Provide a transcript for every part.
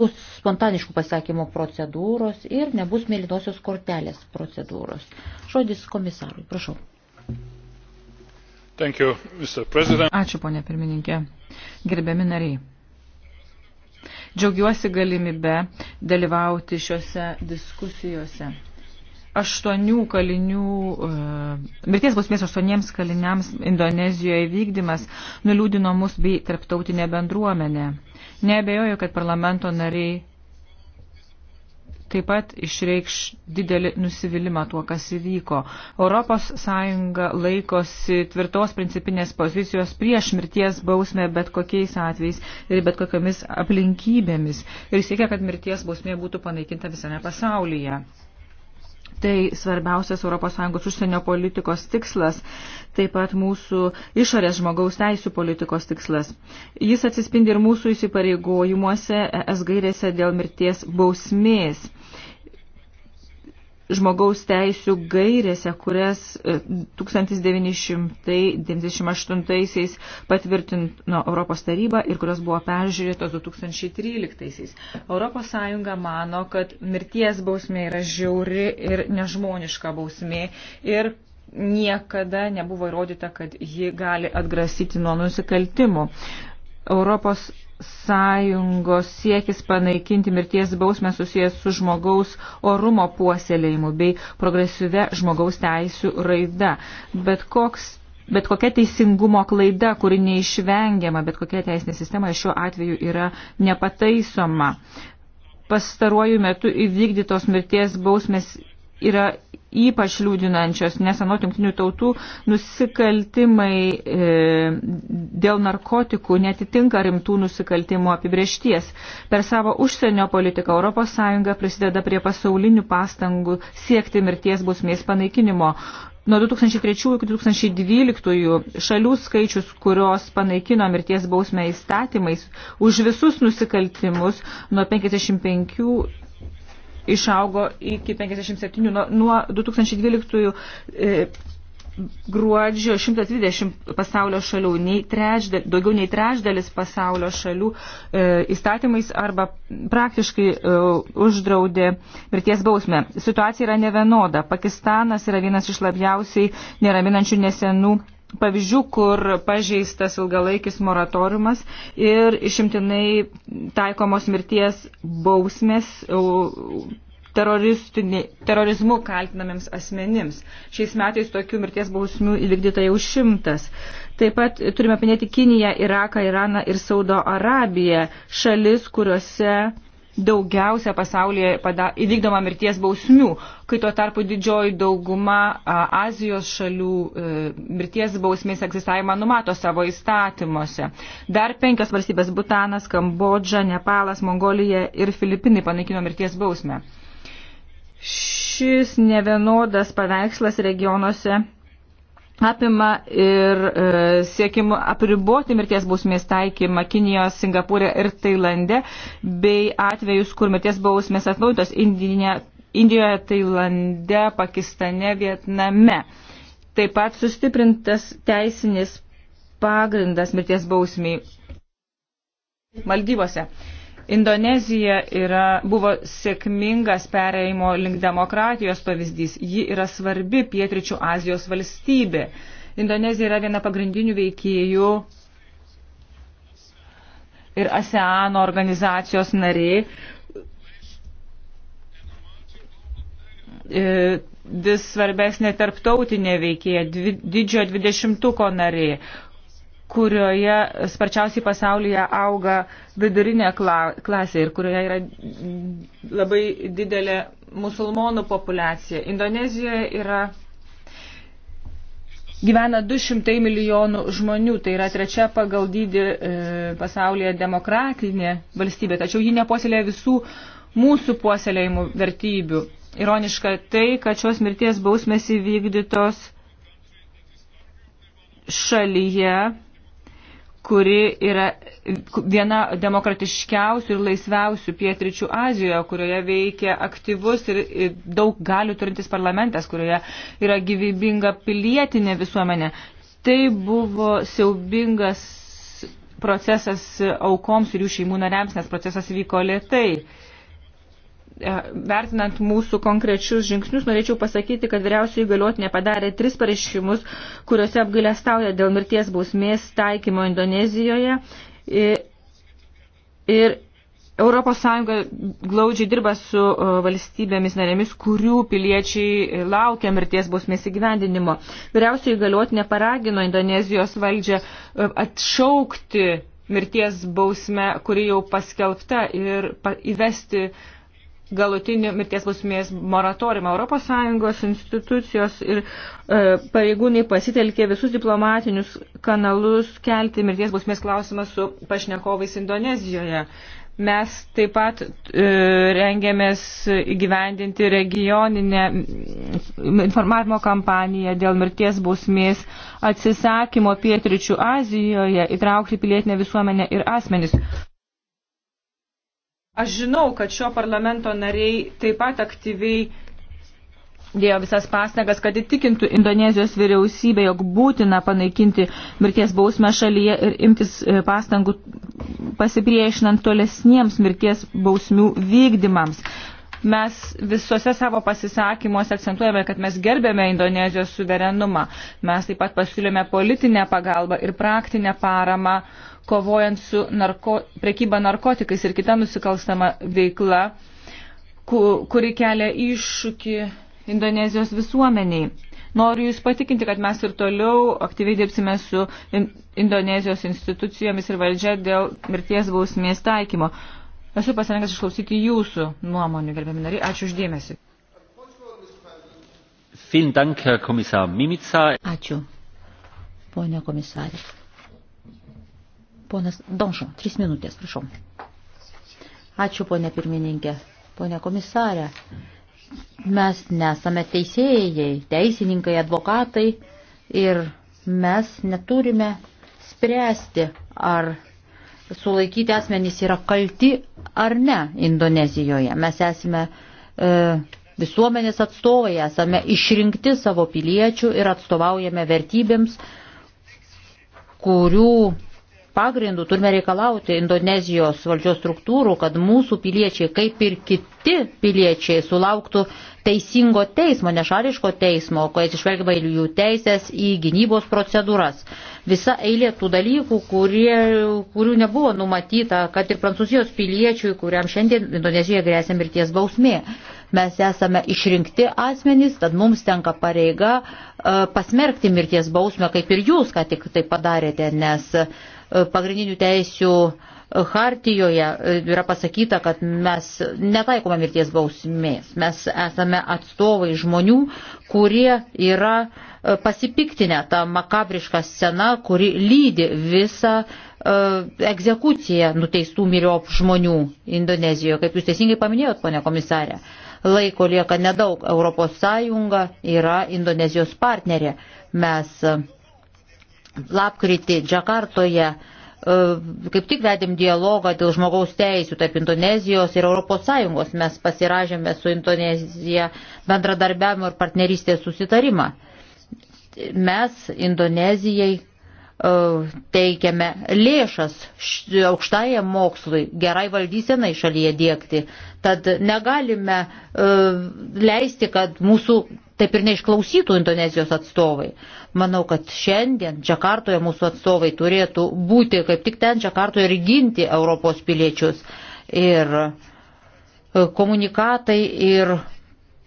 bus spontaniškų pasakymų procedūros ir nebus mėlynosios kortelės procedūros. Žodis komisarui, prašau. Thank you, Mr. President. Ačiū, ponė pirmininkė. Gerbiami nariai. Džiaugiuosi galimybę dalyvauti šiuose diskusijose. Aštuonių kalinių, e, mirties bausmės aštuoniems kaliniams Indonezijoje vykdymas nuliūdino mus bei tarptautinė bendruomenė. Nebejoju, kad parlamento nariai taip pat išreikš didelį nusivylimą tuo, kas įvyko. ES laikosi tvirtos principinės pozicijos prieš mirties bausmę bet kokiais atvejais ir bet kokiamis aplinkybėmis ir siekia, kad mirties bausmė būtų panaikinta visame pasaulyje tai svarbiausias ES užsienio politikos tikslas, taip pat mūsų išorės žmogaus teisų politikos tikslas. Jis atsispindi ir mūsų įsipareigojimuose, e, es gairėse dėl mirties bausmės žmogaus teisų gairėse, kurias 1998-aisiais e, patvirtino Europos taryba ir kurios buvo peržiūrėtos 2013-aisiais. Europos Sąjunga mano, kad mirties bausmė yra žiauri ir nežmoniška bausmė ir niekada nebuvo įrodyta, kad ji gali atgrasyti nuo nusikaltimų. Europos sąjungos siekis panaikinti mirties bausmę susijęs su žmogaus orumo puoselėjimu bei progresyve žmogaus teisų raida. Bet, koks, bet kokia teisingumo klaida, kuri neišvengiama, bet kokia teisinė sistema šiuo atveju yra nepataisoma. Pastaruoju metu įvykdytos mirties bausmės yra ypač liūdinančios, nes anot jungtinių tautų nusikaltimai e, dėl narkotikų netitinka rimtų nusikaltimų apibriešties. Per savo užsienio politiką ES prisideda prie pasaulinių pastangų siekti mirties bausmės panaikinimo. Nuo 2003 iki 2012 šalių skaičius, kurios panaikino mirties bausmę įstatymais už visus nusikaltimus nuo 55 išaugo iki 57 nuo, nuo 2012 e, gruodžio 120 pasaulio šalių, nei trečdal, daugiau nei trečdalis pasaulio šalių e, įstatymais arba praktiškai e, uždraudė mirties bausmę. Situacija yra nevienoda. Pakistanas yra vienas iš labiausiai neraminančių nesenų pavyzdžių, kur pažeistas ilgalaikis moratoriumas ir išimtinai taikomos mirties bausmės terorizmu kaltinamiems asmenims. Šiais metais tokių mirties bausmių įvykdyta jau šimtas. Taip pat turime paminėti Kiniją, Iraką, Iraną ir Saudo Arabiją, šalis, kuriuose daugiausia pasaulyje pada, įvykdoma mirties bausmių, kai tuo tarpu didžioji dauguma a, Azijos šalių e, mirties bausmės egzistavimą numato savo įstatymuose. Dar penkios valstybės - Butanas, Kambodža, Nepalas, Mongolija ir Filipinai panaikino mirties bausmę. Šis nevienodas paveikslas regionuose apima ir e, siekimų apriboti mirties bausmės taikymą Kinijos, Singapūrė ir Tailande, bei atvejus, kur mirties bausmės atnaujintos Indijoje, Tailande, Pakistane, Vietname. Taip pat sustiprintas teisinis pagrindas mirties bausmiai Maldyvose. E, Indonezija yra, buvo sėkmingas perėjimo link demokratijos pavyzdys. Ji yra svarbi pietričių Azijos valstybė. Indonezija yra viena pagrindinių veikėjų ir ASEANO organizacijos nariai. E, vis svarbesnė tarptautinė veikėja, didžiojo dvidešimtuko nariai kurioje sparčiausiai pasaulyje auga vidurinė klasė ir kurioje yra labai didelė musulmonų populiacija. Indonezijoje yra gyvena 200 milijonų žmonių, tai yra trečia pagal dydį e, pasaulyje demokratinė valstybė, tačiau ji nepuoselėja visų mūsų puoselėjimų vertybių. Ironiška tai, kad šios mirties bausmės įvykdytos šalyje, kuri yra viena demokratiškiausių ir laisviausių pietričių Azijoje, kurioje veikia aktyvus ir daug galių turintis parlamentas, kurioje yra gyvybinga pilietinė visuomenė. Tai buvo siaubingas procesas aukoms ir jų šeimų nariams, nes procesas vyko lietai. E, vertinant mūsų konkrečius žingsnius, norėčiau pasakyti, kad vyriausiai įgaliotinė padarė tris pareiškimus, kuriuose apgailestauja dėl mirties bausmės taikymo Indonezijoje. Ir, ir Europos Sąjunga glaudžiai dirba su e, valstybėmis narėmis, kurių piliečiai laukia mirties bausmės įgyvendinimo. Vyriausiai įgaliotinė paragino Indonezijos valdžią e, atšaukti mirties bausmę, kuri jau paskelbta ir įvesti uh, galutinių mirties bausmės moratoriumą. ES institucijos ir e, pareigūnai pasitelkė visus diplomatinius kanalus kelti mirties bausmės klausimą su pašnekovais Indonezijoje. Mes taip pat e, rengiamės įgyvendinti regioninę informavimo kampaniją dėl mirties bausmės atsisakymo pietričių Azijoje, įtraukti pilietinę visuomenę ir asmenis. Aš žinau, kad šio parlamento nariai taip pat aktyviai dėjo visas pasnegas, kad įtikintų Indonezijos vyriausybę, jog būtina panaikinti mirties bausmę šalyje ir imtis e, pastangų pasipriešinant tolesniems mirties bausmių vykdymams. Mes visose savo pasisakymuose akcentuojame, kad mes gerbėme Indonezijos suverenumą. Mes taip pat pasiūlėme politinę pagalbą ir praktinę paramą kovojant su narko, prekyba narkotikais ir kita nusikalstama veikla, kuri kelia iššūkį Indonezijos visuomeniai. Noriu Jūs patikinti, kad mes ir toliau aktyviai dirbsime su Indonezijos institucijomis ir valdžia dėl mirties bausmės taikymo. Esu pasirengęs išklausyti Jūsų nuomonių, gerbiami nariai. Ačiū uždėmesi. Ačiū, ponė komisarė. Ponas Donšo, trys minutės, prašau. Ačiū, ponė pirmininkė, ponė komisarė. Mes nesame teisėjai, teisininkai, advokatai ir mes neturime spręsti, ar sulaikyti asmenys yra kalti ar ne Indonezijoje. Mes esame e, visuomenės atstovai, esame išrinkti savo piliečių ir atstovaujame vertybėms, kurių pagrindų turime reikalauti Indonezijos valdžios struktūrų, kad mūsų piliečiai, kaip ir kiti piliečiai, sulauktų teisingo teismo, nešališko teismo, kai atsižvelgiama į jų teisės, į gynybos procedūras. Visa eilė tų dalykų, kurie, kurių nebuvo numatyta, kad ir prancūzijos piliečiui, kuriam šiandien Indonezijoje grėsia mirties bausmė. Mes esame išrinkti asmenys, tad mums tenka pareiga e, pasmerkti mirties bausmę, kaip ir jūs, ką tik tai padarėte, nes uh, E, pagrindinių teisių e, hartijoje e, yra pasakyta, kad mes netaikome mirties bausmės. Mes esame atstovai žmonių, kurie yra pasipiktinę tą makabrišką sceną, kuri lydi visą egzekuciją nuteistų myriop žmonių Indonezijoje, kaip jūs teisingai paminėjot, ponė komisarė laiko lieka nedaug. ES yra Indonezijos partnerė. Mes lapkritį Džakartoje e, kaip tik vedėm dialogą dėl žmogaus teisų tarp Indonezijos ir ES. Mes pasiražėme su Indonezija bendradarbiavimo ir partnerystės susitarimą. Mes Indonezijai e, teikiame lėšas aukštajam mokslui, gerai valdysenai šalyje dėkti. Tad negalime e, leisti, kad mūsų taip ir neišklausytų Indonezijos atstovai. Manau, kad šiandien Džakartoje mūsų atstovai turėtų būti kaip tik ten Džakartoje ir ginti Europos piliečius. Ir e, komunikatai ir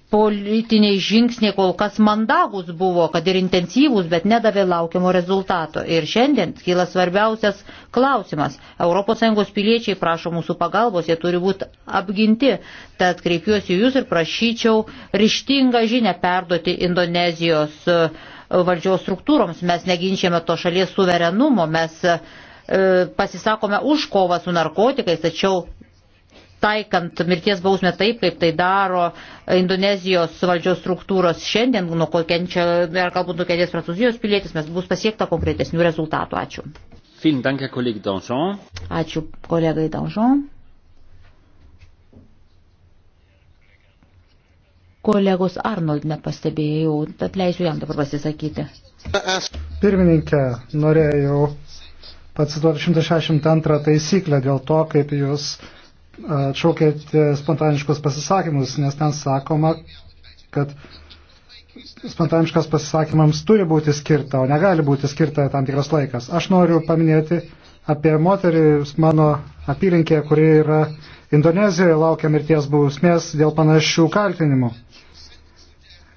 politiniai žingsniai kol kas mandagus buvo, kad ir intensyvūs, bet nedavė laukiamo rezultato. Ir šiandien kyla svarbiausias klausimas. ES piliečiai prašo mūsų pagalbos, jie turi būti apginti. Tad kreipiuosi jūs ir prašyčiau ryštingą žinę perduoti Indonezijos e, valdžios struktūroms. Mes neginčiame to šalies suverenumo, mes e, pasisakome už kovą su narkotikais, tačiau taikant mirties bausmę taip, kaip tai daro Indonezijos valdžios struktūros šiandien, nuo ko kenčia, ar galbūt nukentės prancūzijos pilietis, mes bus pasiekta konkretesnių rezultatų. Ačiū. Ačiū kolegai Danžon. Kolegos Arnold nepastebėjau, tad leisiu jam dabar pasisakyti. Pirmininkė, norėjau pacituoti 162 taisyklę dėl to, kaip jūs uh, atšaukėte spontaniškus pasisakymus, nes ten sakoma, kad spontaniškas pasisakymams turi būti skirta, o negali būti skirta tam tikras laikas. Aš noriu paminėti apie moterį mano apylinkė, kuri yra Indonezijoje, laukia mirties bausmės dėl panašių kaltinimų.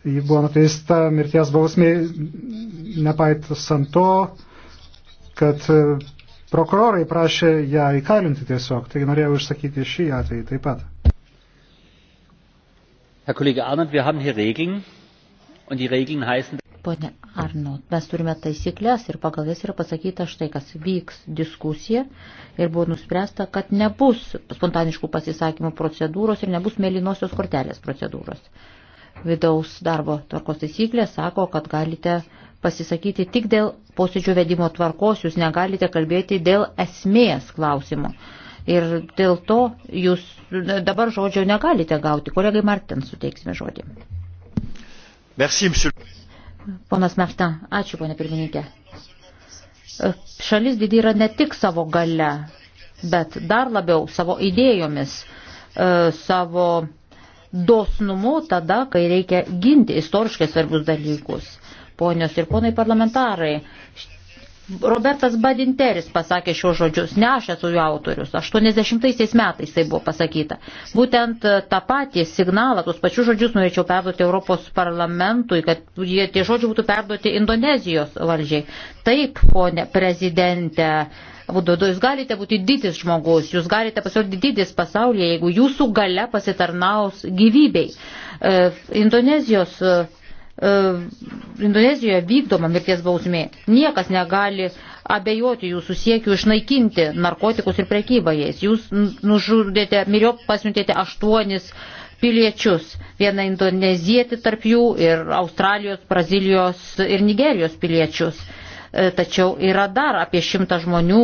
Ji buvo nuteista mirties bausmė nepaisant to, kad Prokurorai prašė ją įkalinti tiesiog, taigi norėjau išsakyti šį atvejį taip pat. Herr Kollege Arnold, wir haben hier Regeln und die Regeln heißen. Pone Arnold, mes turime taisyklės ir pagal jas yra pasakyta štai, kas vyks diskusija ir buvo nuspręsta, kad nebus spontaniškų pasisakymų procedūros ir nebus mėlynosios kortelės procedūros. Vidaus darbo tvarkos taisyklės sako, kad galite pasisakyti tik dėl posėdžių vedimo tvarkos, jūs negalite kalbėti dėl esmės klausimų. Ir dėl to jūs dabar žodžio negalite gauti. Kolegai Martin suteiksime žodį. Merci, monsieur. Ponas Martin, ačiū, ponė pirmininkė. Šalis didį yra ne tik savo gale, bet dar labiau savo idėjomis, e, savo dosnumu tada, kai reikia ginti istoriškai svarbius dalykus ponios ir ponai parlamentarai. Robertas Badinteris pasakė šios žodžius, ne aš esu jų autorius, 80-aisiais metais tai buvo pasakyta. Būtent e, tą patį signalą, tos pačius žodžius norėčiau perduoti Europos parlamentui, kad jie, tie žodžiai būtų perduoti Indonezijos valdžiai. Taip, ponė prezidente, Vudodo, jūs galite būti didis žmogus, jūs galite pasirodyti didis pasaulyje, jeigu jūsų gale pasitarnaus gyvybei. E, Indonezijos e, E, Indonezijoje vykdoma mirties bausmė. Niekas negali abejoti jūsų siekių išnaikinti narkotikus ir prekybą jais. Jūs nužudėte, miriop pasiuntėte aštuonis piliečius. Vieną indonezietį tarp jų ir Australijos, Brazilijos ir Nigerijos piliečius. E, tačiau yra dar apie šimtą žmonių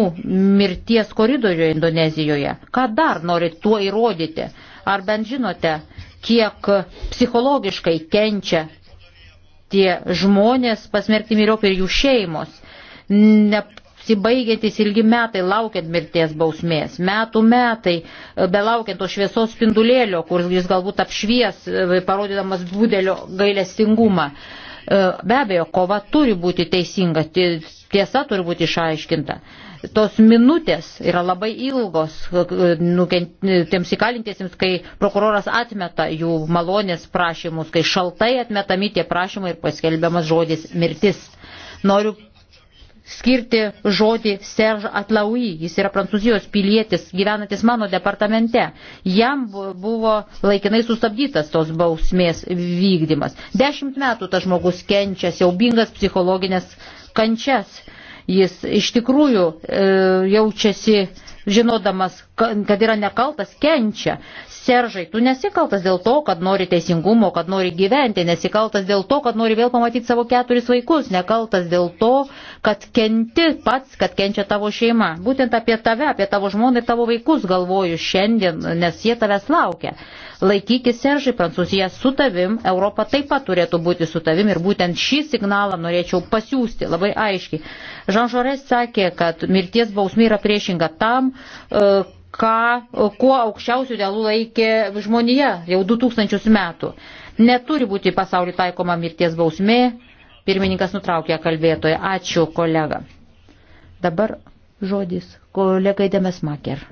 mirties koridoriuje Indonezijoje. Ką dar norit tuo įrodyti? Ar bent žinote, kiek psichologiškai kenčia tie žmonės pasmerkti miriopį ir jų šeimos. Nepsibaigėtis ilgi metai laukiant mirties bausmės, metų metai, e, belaukiant to šviesos spindulėlio, kuris jis galbūt apšvies, e, parodydamas būdelio gailestingumą. E, be abejo, kova turi būti teisinga, tiesa turi būti išaiškinta tos minutės yra labai ilgos tiems įkalintiesiems, kai prokuroras atmeta jų malonės prašymus, kai šaltai atmetami tie prašymai ir paskelbiamas žodis mirtis. Noriu skirti žodį Serge Atlaui, jis yra prancūzijos pilietis, gyvenantis mano departamente. Jam buvo laikinai sustabdytas tos bausmės vykdymas. Dešimt metų tas žmogus kenčia siaubingas psichologinės kančias Jis iš tikrųjų e, jaučiasi, žinodamas, kad yra nekaltas, kenčia. Seržai, tu nesikaltas dėl to, kad nori teisingumo, kad nori gyventi, nesikaltas dėl to, kad nori vėl pamatyti savo keturis vaikus, nekaltas dėl to, kad kenti pats, kad kenčia tavo šeima. Būtent apie tave, apie tavo žmoną ir tavo vaikus galvoju šiandien, nes jie tavęs laukia laikykis Seržai, Prancūzija su tavim, Europa taip pat turėtų būti su tavim ir būtent šį signalą norėčiau pasiūsti labai aiškiai. Žan Žorės sakė, kad mirties bausmė yra priešinga tam, e, ką, e, kuo aukščiausių dėlų laikė žmonija jau 2000 metų. Neturi būti pasaulį taikoma mirties bausmė. Pirmininkas nutraukė kalbėtoją. Ačiū, kolega. Dabar žodis kolegai Demesmaker.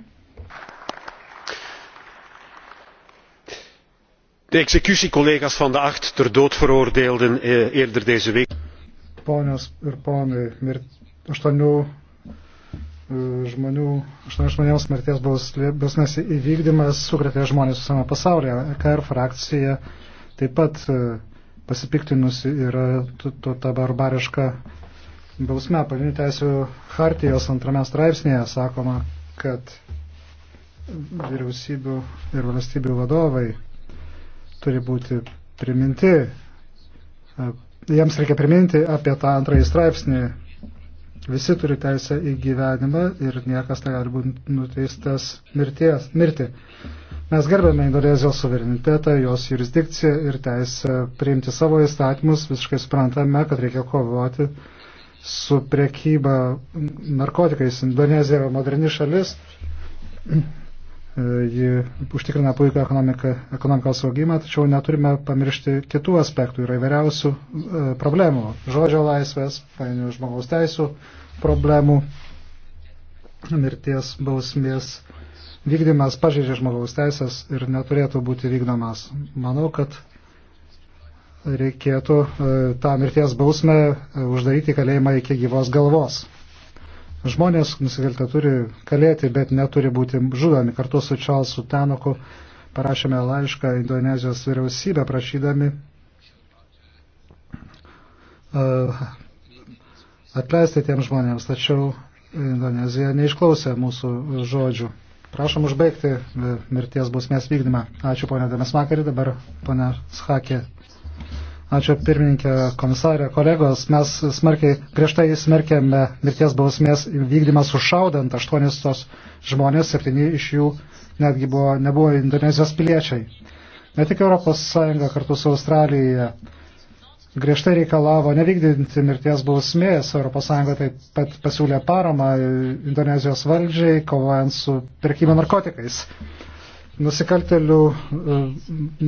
de executiecollega's van de acht ter dood veroordeelden eh, eerder deze week. Ponios ir ponai, mirt, aštuonių e, žmonių, aštuonių žmonėms mirties bausmės įvykdymas sukretė žmonės visame pasaulyje. EKR er frakcija taip pat e, pasipiktinusi yra ta barbariška bausme. Pagrindinių teisų hartijos antrame straipsnėje sakoma, kad vyriausybių ir valstybių vadovai turi būti priminti, jiems reikia priminti apie tą antrąjį straipsnį. Visi turi teisę į gyvenimą ir niekas negali būti nuteistas mirties, mirti. Mes gerbėme Indonezijos suverenitetą, jos jurisdikciją ir teisę priimti savo įstatymus. Visiškai suprantame, kad reikia kovoti su priekyba narkotikais. Indonezija yra moderni šalis ji užtikrina puikią ekonomikos augimą, tačiau neturime pamiršti kitų aspektų, yra įvairiausių e, problemų - žodžio laisvės, žmogaus teisų problemų, mirties bausmės vykdymas pažeidžia žmogaus teisės ir neturėtų būti vykdomas. Manau, kad reikėtų e, tą mirties bausmę e, uždaryti kalėjimą iki gyvos galvos. Žmonės nusikaltę turi kalėti, bet neturi būti žudomi. Kartu su Čalsu Tanoku parašėme laišką Indonezijos vyriausybę prašydami uh, atleisti tiems žmonėms, tačiau Indonezija neišklausė mūsų žodžių. Prašom užbaigti mirties bausmės vykdymą. Ačiū ponė Demesmakarį, dabar ponė Schakė. Ačiū pirmininkė, komisarė, kolegos. Mes smarkiai, griežtai smerkėme mirties bausmės vykdymą sušaudant aštuonis tos žmonės, septyni iš jų netgi buvo, nebuvo Indonezijos piliečiai. Ne tik ES kartu su Australija griežtai reikalavo nevykdinti mirties bausmės. ES taip pat pasiūlė paramą Indonezijos valdžiai, kovojant su pirkimo narkotikais nusikaltelių e,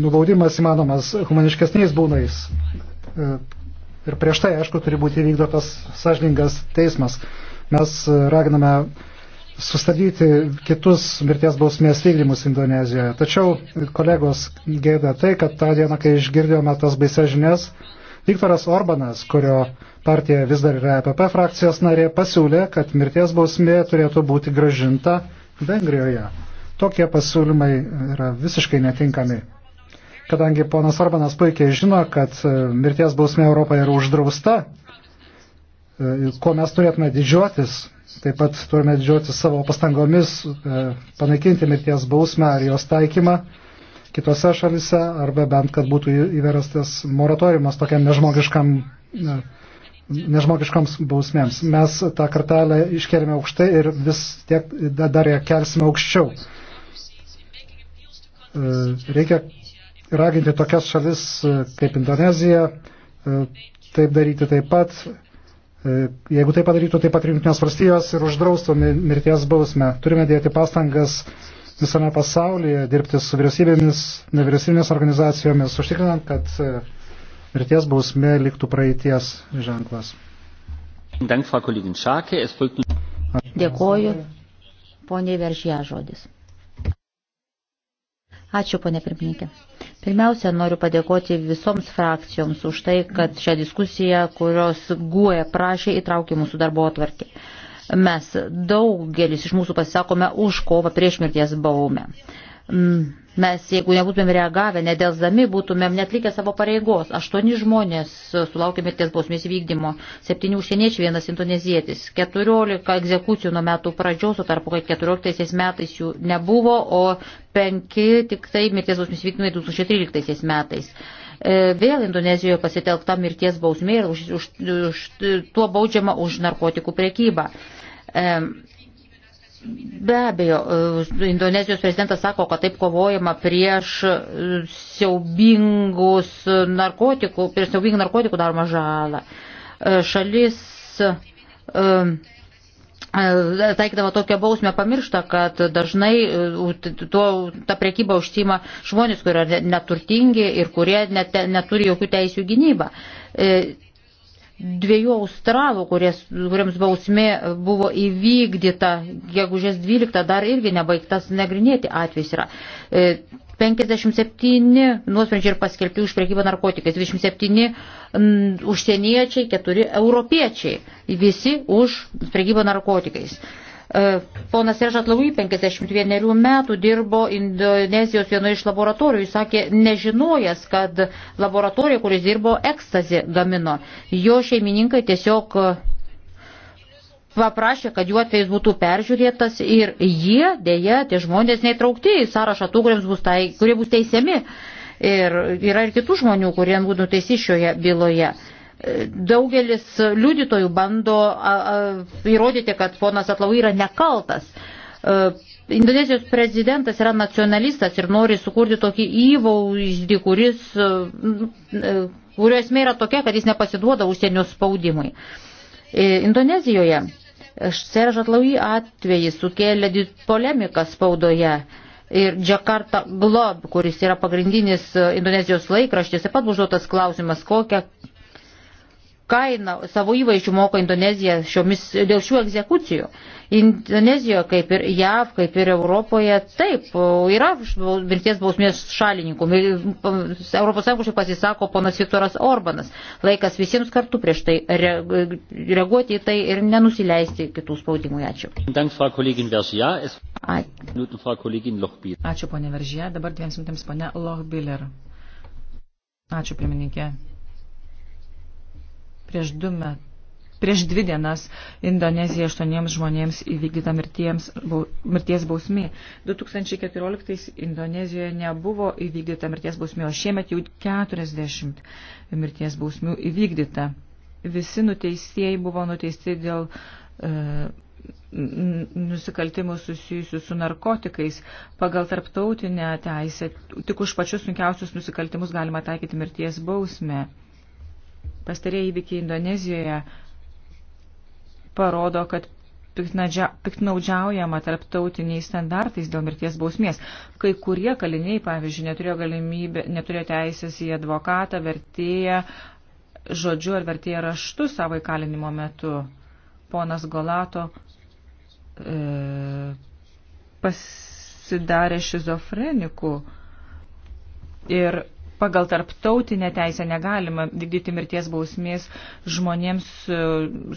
nubaudimas įmanomas humaniškesniais būnais. E, ir prieš tai, aišku, turi būti vykdotas sąžiningas teismas. Mes e, raginame sustabdyti kitus mirties bausmės vykdymus Indonezijoje. Tačiau kolegos gėda tai, kad tą dieną, kai išgirdėjome tas baises žinias, Viktoras Orbanas, kurio partija vis dar yra EPP frakcijos narė, pasiūlė, kad mirties bausmė turėtų būti gražinta Vengrijoje. Tokie pasiūlymai yra visiškai netinkami. Kadangi ponas Orbanas puikiai žino, kad e, mirties bausmė Europoje yra uždrausta, e, ko mes turėtume didžiuotis, taip pat turime didžiuotis savo pastangomis e, panaikinti mirties bausmę ar jos taikymą kitose šalise, arba bent, kad būtų įverastas moratoriumas tokiam nežmogiškam nežmogiškoms bausmėms. Mes tą kartelę iškelime aukštai ir vis tiek dar ją kelsime aukščiau. E, reikia raginti tokias šalis e, kaip Indonezija, e, taip daryti taip pat. Jeigu tai padarytų taip pat rinktinės valstijos ir uždraustų mirties bausmę, turime dėti pastangas visame pasaulyje, dirbti su vyriausybėmis, nevyriausybinės organizacijomis, užtikrinant, kad mirties bausmė liktų praeities ženklas. Dėkoju. Poniai Veržė žodis. Ačiū, ponė pirmininkė. Pirmiausia, noriu padėkoti visoms frakcijoms už tai, kad šią diskusiją, kurios guoja e prašė, įtraukė mūsų darbo atvarkį. Mes daugelis iš mūsų pasisakome už kovą prieš mirties baumę. Mm, mes, jeigu nebūtumėm reagavę, nedelsdami, būtumėm netlikę savo pareigos. Aštuoni žmonės e, sulaukė mirties bausmės vykdymo, septyni užsieniečiai, vienas indonezietis, keturiolika egzekucijų nuo metų pradžios, o tarpu, kad keturioliktaisiais metais jų nebuvo, o penki tik tai mirties bausmės vykdymai 2013 metais. E, vėl Indonezijoje pasitelkta mirties bausmė ir už, už, už, tuo baudžiama už narkotikų priekybą e, Be abejo, e, Indonezijos prezidentas sako, kad taip kovojama prieš e, siaubingus narkotikų, prieš siaubingą narkotikų daromą žalą. E, šalis taikydama tokią bausmę pamiršta, kad dažnai tuo, ta prekyba užsima žmonės, kurie yra neturtingi ir kurie net, neturi jokių teisių gynybą dviejų australų, kuries, kuriems bausmė buvo įvykdyta, gegužės 12 dar irgi nebaigtas nagrinėti atvejs yra. 57 e, nuosprendžiai ir paskelbti už prekybą narkotikais, 27 m, užsieniečiai, 4 europiečiai, visi už prekybą narkotikais. E, ponas Seržat Laui 51 metų dirbo Indonezijos vienoje iš laboratorijų. Jis sakė, nežinojęs, kad laboratorija, kuris dirbo, ekstazį gamino. Jo šeimininkai tiesiog e, paprašė, kad jų atvejais būtų peržiūrėtas ir jie, dėja, tie žmonės neįtraukti į sąrašą tų, bus tai, kurie bus teisiami. Ir yra ir kitų žmonių, kurie būtų teisi šioje byloje daugelis liudytojų bando įrodyti, kad ponas Atlau yra nekaltas. E, Indonezijos prezidentas yra nacionalistas ir nori sukurti tokį įvaizdį, kuris, e, e, kurio esmė yra tokia, kad jis nepasiduoda užsienio spaudimui. Indonezijoje Seržat Atlaui atvejis sukėlė polemiką spaudoje ir Jakarta Glob, kuris yra pagrindinis Indonezijos laikraštis, taip pat užduotas klausimas, kokią kainą savo įvaizdžių moka Indonezija šiomis, dėl šių egzekucijų. Indonezijoje, kaip ir JAV, kaip ir Europoje, taip, yra mirties bausmės šalininkų. ES šiaip pasisako ponas Viktoras Orbanas. Laikas visiems kartu prieš tai reaguoti į tai ir nenusileisti kitų spaudimų. Ačiū. Ačiū, ponė Veržė. Dabar dviems minutėms, ponė Lochbiller. Ačiū, pirmininkė. Prieš, du met, prieš dvi dienas Indonezija aštuoniems žmonėms įvykdyta mirties, mirties bausmė. 2014 Indonezijoje nebuvo įvykdyta mirties bausmė, o šiemet jau 40 mirties bausmių įvykdyta. Visi nuteistieji buvo nuteisti dėl e, nusikaltimų susijusių su narkotikais. Pagal tarptautinę teisę tik už pačius sunkiausius nusikaltimus galima taikyti mirties bausmę. Pastarėjai įvykiai Indonezijoje parodo, kad piknaudžiaujama tarptautiniais standartais dėl mirties bausmės. Kai kurie kaliniai, pavyzdžiui, neturėjo galimybę, neturėjo teisės į advokatą, vertėją, žodžiu ar vertėją raštu savo įkalinimo metu. Ponas Golato e, pasidarė šizofreniku ir pagal tarptautinę teisę negalima vykdyti mirties bausmės žmonėms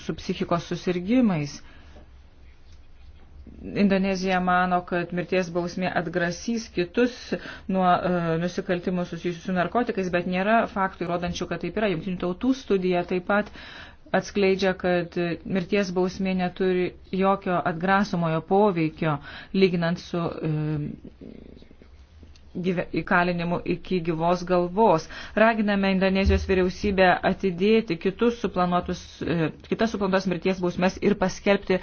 su psichikos susirgymais. Indonezija mano, kad mirties bausmė atgrasys kitus nuo e, nusikaltimų susijusių su narkotikais, bet nėra faktų įrodančių, kad taip yra. Jungtinių tautų studija taip pat atskleidžia, kad mirties bausmė neturi jokio atgrasomojo poveikio, lyginant su e, įkalinimu iki gyvos galvos. Raginame Indonezijos vyriausybę atidėti kitus suplanuotus, e, kitas suplanuotas mirties bausmės ir paskelbti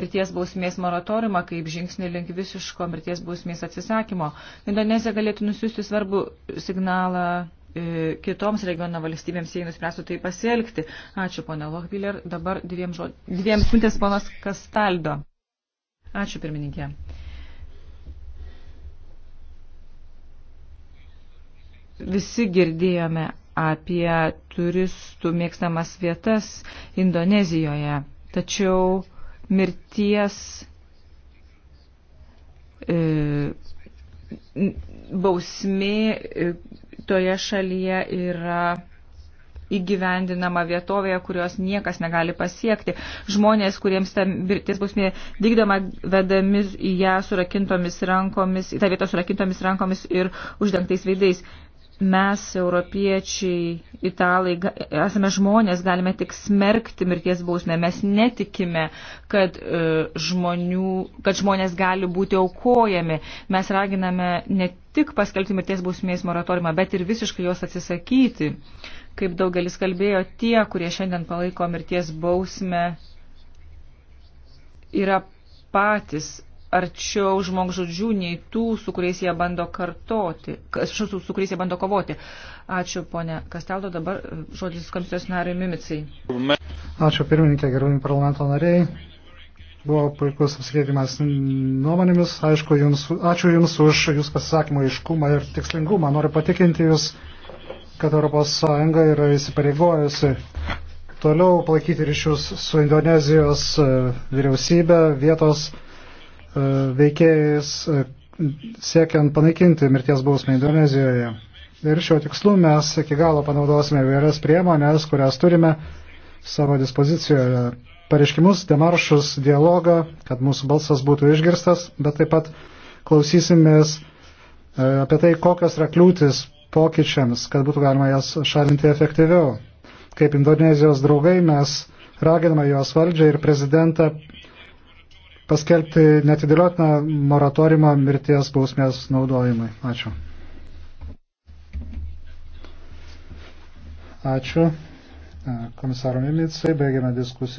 mirties bausmės moratoriumą kaip žingsnį link visiško mirties bausmės atsisakymo. Indonezija galėtų nusiųsti svarbų signalą e, kitoms regiono valstybėms, jei nuspręstų tai pasielgti. Ačiū, ponė Lochbiller. Dabar dviem, žod... dviem minutės ponas Kastaldo. Ačiū, pirmininkė. visi girdėjome apie turistų mėgstamas vietas Indonezijoje. Tačiau mirties e, bausmė e, toje šalyje yra įgyvendinama vietovėje, kurios niekas negali pasiekti. Žmonės, kuriems ta mirties bausmė vykdoma, vedami į ją surakintomis rankomis, į tą vietą surakintomis rankomis ir uždengtais veidais mes, europiečiai, italai, esame žmonės, galime tik smerkti mirties bausmę. Mes netikime, kad, e, žmonių, kad žmonės gali būti aukojami. Mes raginame ne tik paskelbti mirties bausmės moratoriumą, bet ir visiškai jos atsisakyti. Kaip daugelis kalbėjo, tie, kurie šiandien palaiko mirties bausmę, yra patys arčiau žmogžudžių nei tų, su kuriais jie bando kartoti, su, su, su kuriais jie bando kovoti. Ačiū, ponė Kasteldo, dabar e, žodis komisijos nariui Mimicai. Ačiū, pirmininkė, gerbimi parlamento nariai. Buvo puikus apsikeitimas nuomonėmis. Aišku, jums, ačiū Jums už Jūsų pasisakymo iškumą ir tikslingumą. Noriu patikinti Jūs, kad ES yra įsipareigojusi toliau palaikyti ryšius su Indonezijos e, vyriausybė, vietos E, veikėjais e, siekiant panaikinti mirties bausmę Indonezijoje. Ir šiuo tikslu mes iki galo panaudosime įvairias priemonės, kurias turime savo dispozicijoje. Pareiškimus, demaršus, dialogą, kad mūsų balsas būtų išgirstas, bet taip pat klausysimės e, apie tai, kokios yra kliūtis pokyčiams, kad būtų galima jas šalinti efektyviau. Kaip Indonezijos draugai mes raginame jos valdžią ir prezidentą paskelbti netidėliotiną moratoriumą mirties bausmės naudojimai. Ačiū. Ačiū e, komisaro Mimicai, baigiame diskusiją.